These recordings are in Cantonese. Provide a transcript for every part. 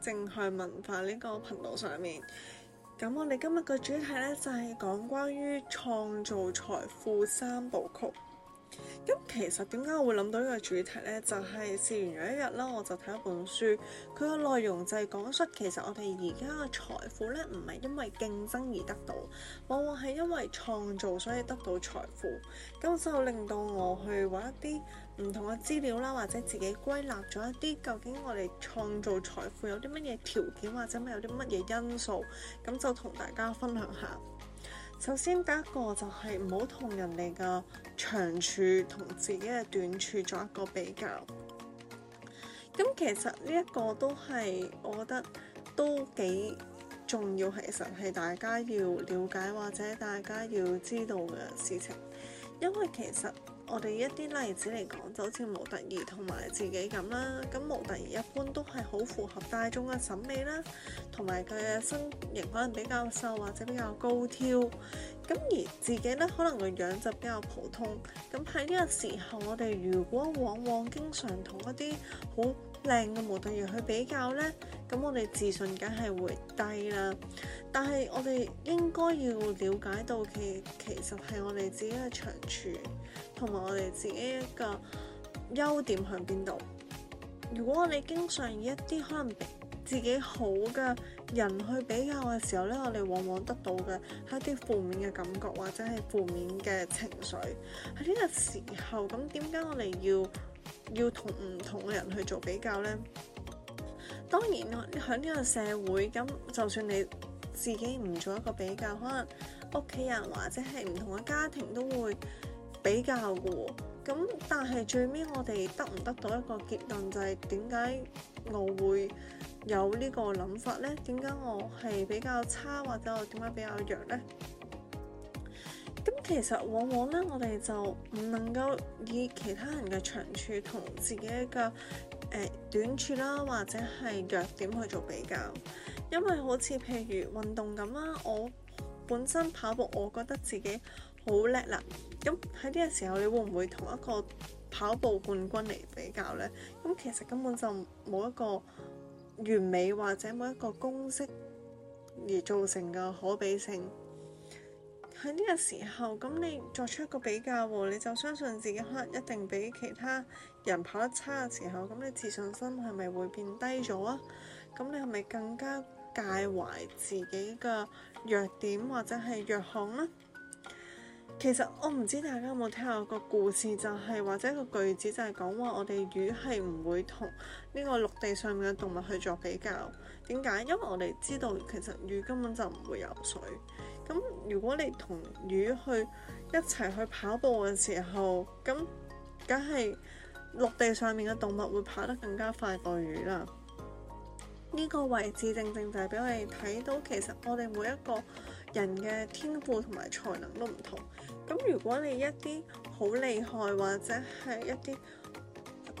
正向文化呢個頻道上面，咁我哋今日個主題咧就係講關於創造財富三部曲。咁其實點解我會諗到呢個主題呢？就係事緣有一日啦，我就睇一本書，佢個內容就係講述其實我哋而家嘅財富呢，唔係因為競爭而得到，往往係因為創造所以得到財富。咁就令到我去搵一啲唔同嘅資料啦，或者自己歸納咗一啲究竟我哋創造財富有啲乜嘢條件，或者有啲乜嘢因素，咁就同大家分享下。首先第一個就係唔好同人哋嘅長處同自己嘅短處作一個比較。咁其實呢一個都係我覺得都幾重要，其實係大家要了解或者大家要知道嘅事情，因為其實。我哋一啲例子嚟講，就好似模特兒同埋自己咁啦。咁模特兒一般都係好符合大眾嘅審美啦，同埋佢嘅身形可能比較瘦或者比較高挑。咁而自己呢，可能個樣就比較普通。咁喺呢個時候，我哋如果往往經常同一啲好靚嘅模特兒去比較呢，咁我哋自信梗係會低啦。但係我哋應該要了解到，佢其實係我哋自己嘅長處。同埋我哋自己一個優點喺邊度？如果我哋經常以一啲可能自己好嘅人去比較嘅時候咧，我哋往往得到嘅係一啲負面嘅感覺或者係負面嘅情緒。喺呢個時候，咁點解我哋要要同唔同嘅人去做比較呢？當然喺呢個社會，咁就算你自己唔做一個比較，可能屋企人或者係唔同嘅家庭都會。比較嘅喎，咁但係最尾我哋得唔得到一個結論，就係點解我會有呢個諗法呢？點解我係比較差或者我點解比較弱呢？咁其實往往呢，我哋就唔能夠以其他人嘅長處同自己嘅誒、呃、短處啦，或者係弱點去做比較，因為好似譬如運動咁啦，我本身跑步，我覺得自己好叻啦！咁喺呢個時候，你會唔會同一個跑步冠軍嚟比較呢？咁其實根本就冇一個完美或者冇一個公式而造成嘅可比性。喺呢個時候，咁你作出一個比較，你就相信自己可能一定比其他人跑得差嘅時候，咁你自信心係咪會變低咗啊？咁你係咪更加介懷自己嘅弱點或者係弱項呢？其實我唔知大家有冇聽過個故事，就係，就係或者個句子，就係講話我哋魚係唔會同呢個陸地上面嘅動物去做比較。點解？因為我哋知道其實魚根本就唔會游水。咁如果你同魚去一齊去跑步嘅時候，咁梗係陸地上面嘅動物會跑得更加快過魚啦。呢、呢個位置正正就係俾我哋睇到，其實我哋每一個人嘅天賦同埋才能都唔同。咁如果你一啲好厲害，或者係一啲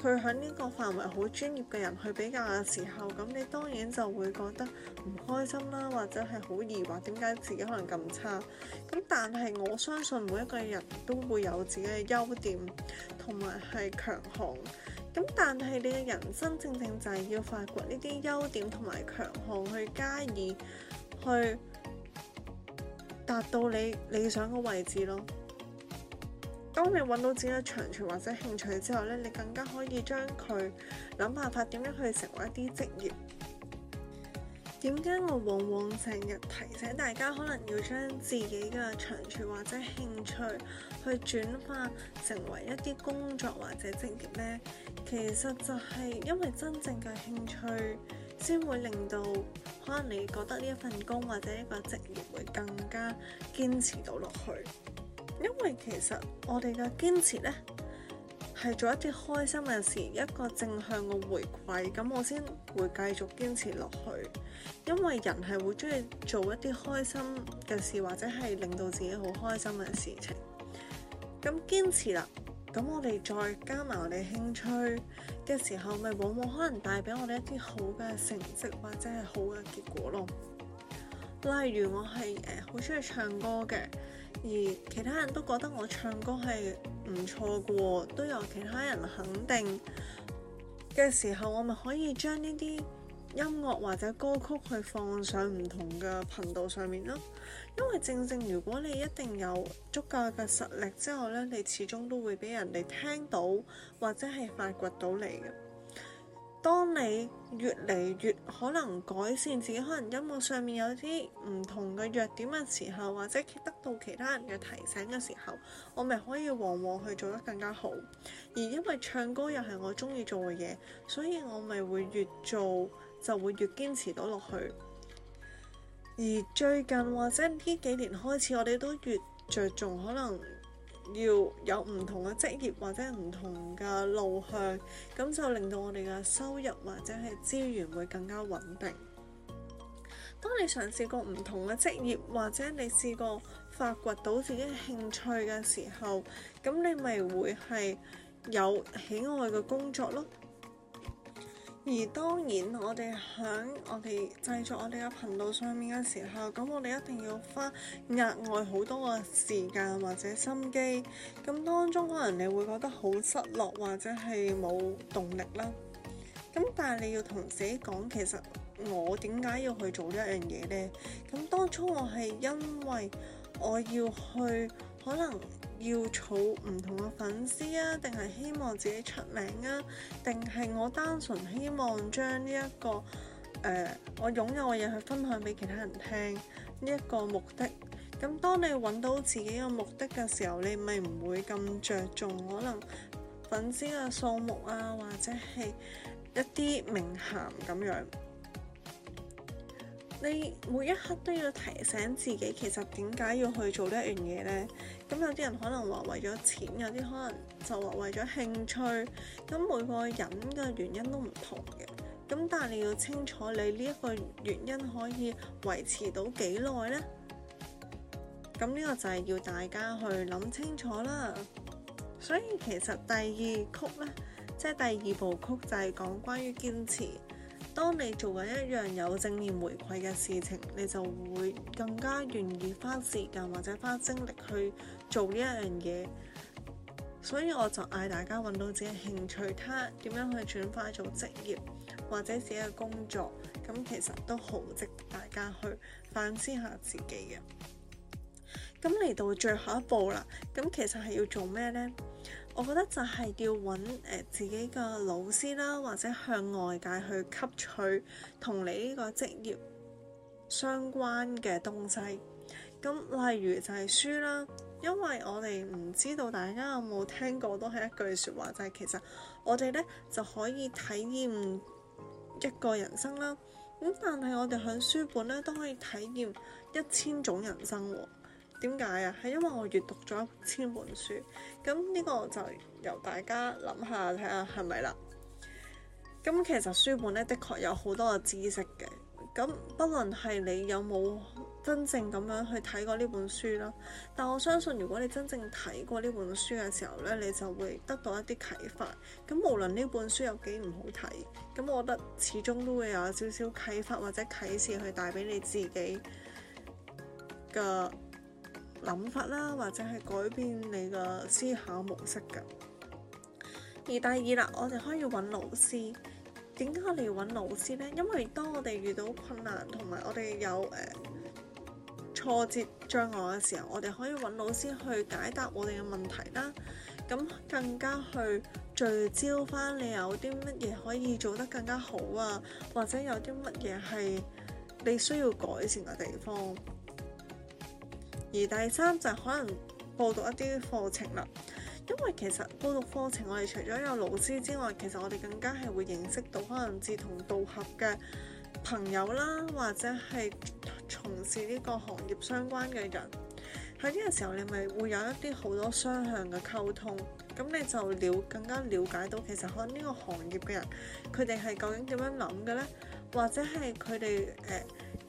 佢喺呢個範圍好專業嘅人去比較嘅時候，咁你當然就會覺得唔開心啦，或者係好疑惑點解自己可能咁差。咁但係我相信每一個人都會有自己嘅優點同埋係強項。咁但係你嘅人生正正就係要發掘呢啲優點同埋強項去加以去達到你理想嘅位置咯。當你揾到自己嘅長處或者興趣之後咧，你更加可以將佢諗辦法點樣去成為一啲職業。點解我往往成日提醒大家，可能要將自己嘅長處或者興趣去轉化成為一啲工作或者職業呢？其實就係因為真正嘅興趣，先會令到可能你覺得呢一份工或者一個職業會更加堅持到落去。因為其實我哋嘅堅持呢，係做一啲開心嘅事，一個正向嘅回饋，咁我先會繼續堅持落去。因為人係會中意做一啲開心嘅事，或者係令到自己好開心嘅事情。咁堅持啦，咁我哋再加埋我哋興趣嘅時候，咪往往可能帶俾我哋一啲好嘅成績，或者係好嘅結果咯。例如我係誒好中意唱歌嘅。而其他人都覺得我唱歌係唔錯嘅喎，都有其他人肯定嘅時候，我咪可以將呢啲音樂或者歌曲去放上唔同嘅頻道上面咯。因為正正如果你一定有足夠嘅實力之後呢，你始終都會俾人哋聽到或者係發掘到你嘅。當你越嚟越可能改善自己，可能音樂上面有啲唔同嘅弱點嘅時候，或者得到其他人嘅提醒嘅時候，我咪可以往往去做得更加好。而因為唱歌又係我鍾意做嘅嘢，所以我咪會越做就會越堅持到落去。而最近或者呢幾年開始，我哋都越着重可能。要有唔同嘅職業或者唔同嘅路向，咁就令到我哋嘅收入或者係資源會更加穩定。當你嘗試過唔同嘅職業，或者你試過發掘到自己嘅興趣嘅時候，咁你咪會係有喜愛嘅工作咯。而當然，我哋喺我哋製作我哋嘅頻道上面嘅時候，咁我哋一定要花額外好多嘅時間或者心機。咁當中可能你會覺得好失落，或者係冇動力啦。咁但係你要同自己講，其實我點解要去做呢一樣嘢呢？咁當初我係因為我要去可能，要儲唔同嘅粉絲啊，定係希望自己出名啊，定係我單純希望將呢一個誒、呃、我擁有嘅嘢去分享俾其他人聽呢一、呢個目的。咁當你揾到自己嘅目的嘅時候，你咪唔會咁着重可能粉絲嘅數目啊，或者係一啲名銜咁樣。你每一刻都要提醒自己，其實點解要去做呢一樣嘢呢？咁有啲人可能話為咗錢，有啲可能就話為咗興趣。咁每個人嘅原因都唔同嘅。咁但係你要清楚，你呢一個原因可以維持到幾耐呢？咁呢個就係要大家去諗清楚啦。所以其實第二曲呢，即係第二部曲就係講關於堅持。當你做緊一樣有正面回饋嘅事情，你就會更加願意花時間或者花精力去做呢一樣嘢。所以我就嗌大家搵到自己興趣，睇下點樣去轉化做職業或者自己嘅工作，咁其實都好值得大家去反思下自己嘅。咁嚟到最後一步啦，咁其實係要做咩呢？我覺得就係要揾誒自己嘅老師啦，或者向外界去吸取同你呢個職業相關嘅東西。咁例如就係書啦，因為我哋唔知道大家有冇聽過，都係一句説話，就係其實我哋呢就可以體驗一個人生啦。咁但係我哋喺書本呢，都可以體驗一千種人生喎。點解啊？係因為我閲讀咗一千本書，咁呢個就由大家諗下睇下係咪啦。咁其實書本咧的確有好多嘅知識嘅，咁不論係你有冇真正咁樣去睇過呢本書啦，但我相信如果你真正睇過呢本書嘅時候呢，你就會得到一啲啟發。咁無論呢本書有幾唔好睇，咁我覺得始終都會有少少啟發或者啟示去帶俾你自己嘅諗法啦，或者係改變你個思考模式㗎。而第二啦，我哋可以揾老師。點解我哋要揾老師呢？因為當我哋遇到困難同埋我哋有誒、呃、挫折障礙嘅時候，我哋可以揾老師去解答我哋嘅問題啦。咁更加去聚焦翻你有啲乜嘢可以做得更加好啊，或者有啲乜嘢係你需要改善嘅地方。而第三就係可能報讀一啲課程啦，因為其實報讀課程，我哋除咗有老師之外，其實我哋更加係會認識到可能志同道合嘅朋友啦，或者係從事呢個行業相關嘅人。喺呢個時候，你咪會有一啲好多雙向嘅溝通，咁你就了更加了解到其實可能呢個行業嘅人，佢哋係究竟點樣諗嘅呢？或者係佢哋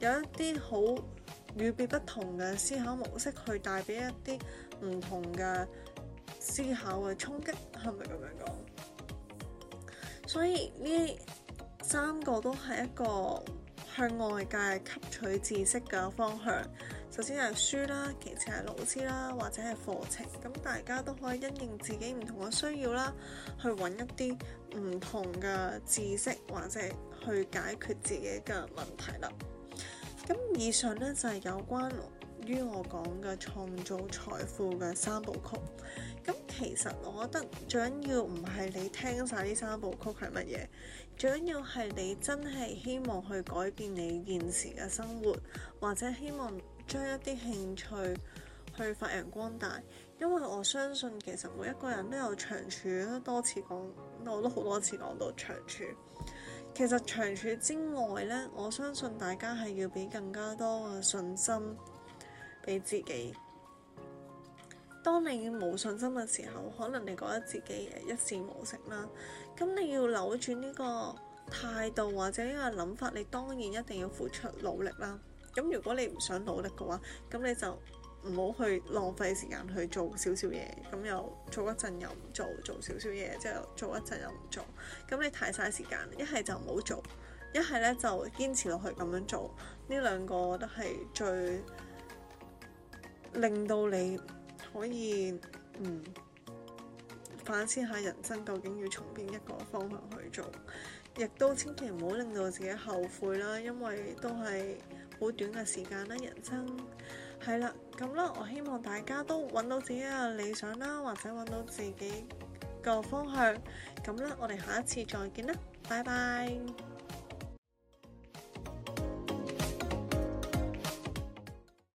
誒有一啲好。與別不同嘅思考模式，去帶俾一啲唔同嘅思考嘅衝擊，係咪咁樣講？所以呢三個都係一個向外界吸取知識嘅方向。首先係書啦，其次係老師啦，或者係課程。咁大家都可以因應自己唔同嘅需要啦，去揾一啲唔同嘅知識，或者去解決自己嘅問題啦。咁以上咧就係有關於我講嘅創造財富嘅三部曲。咁其實我覺得最緊要唔係你聽晒呢三部曲係乜嘢，最緊要係你真係希望去改變你現時嘅生活，或者希望將一啲興趣去發揚光大。因為我相信其實每一個人都有長處，多次講，我都好多次講到長處。其實長處之外呢，我相信大家係要俾更加多嘅信心俾自己。當你冇信心嘅時候，可能你覺得自己一事無成啦。咁你要扭轉呢個態度或者呢個諗法，你當然一定要付出努力啦。咁如果你唔想努力嘅話，咁你就～唔好去浪費時間去做少少嘢，咁又做一陣又唔做，做少少嘢之後做一陣又唔做，咁你太嘥時間。一係就唔好做，一係咧就堅持落去咁樣做，呢兩個都係最令到你可以，嗯，反思下人生究竟要從邊一個方向去做，亦都千祈唔好令到自己後悔啦，因為都係好短嘅時間啦，人生。係啦，咁啦，我希望大家都揾到自己嘅理想啦，或者揾到自己個方向。咁咧，我哋下一次再見啦，拜拜。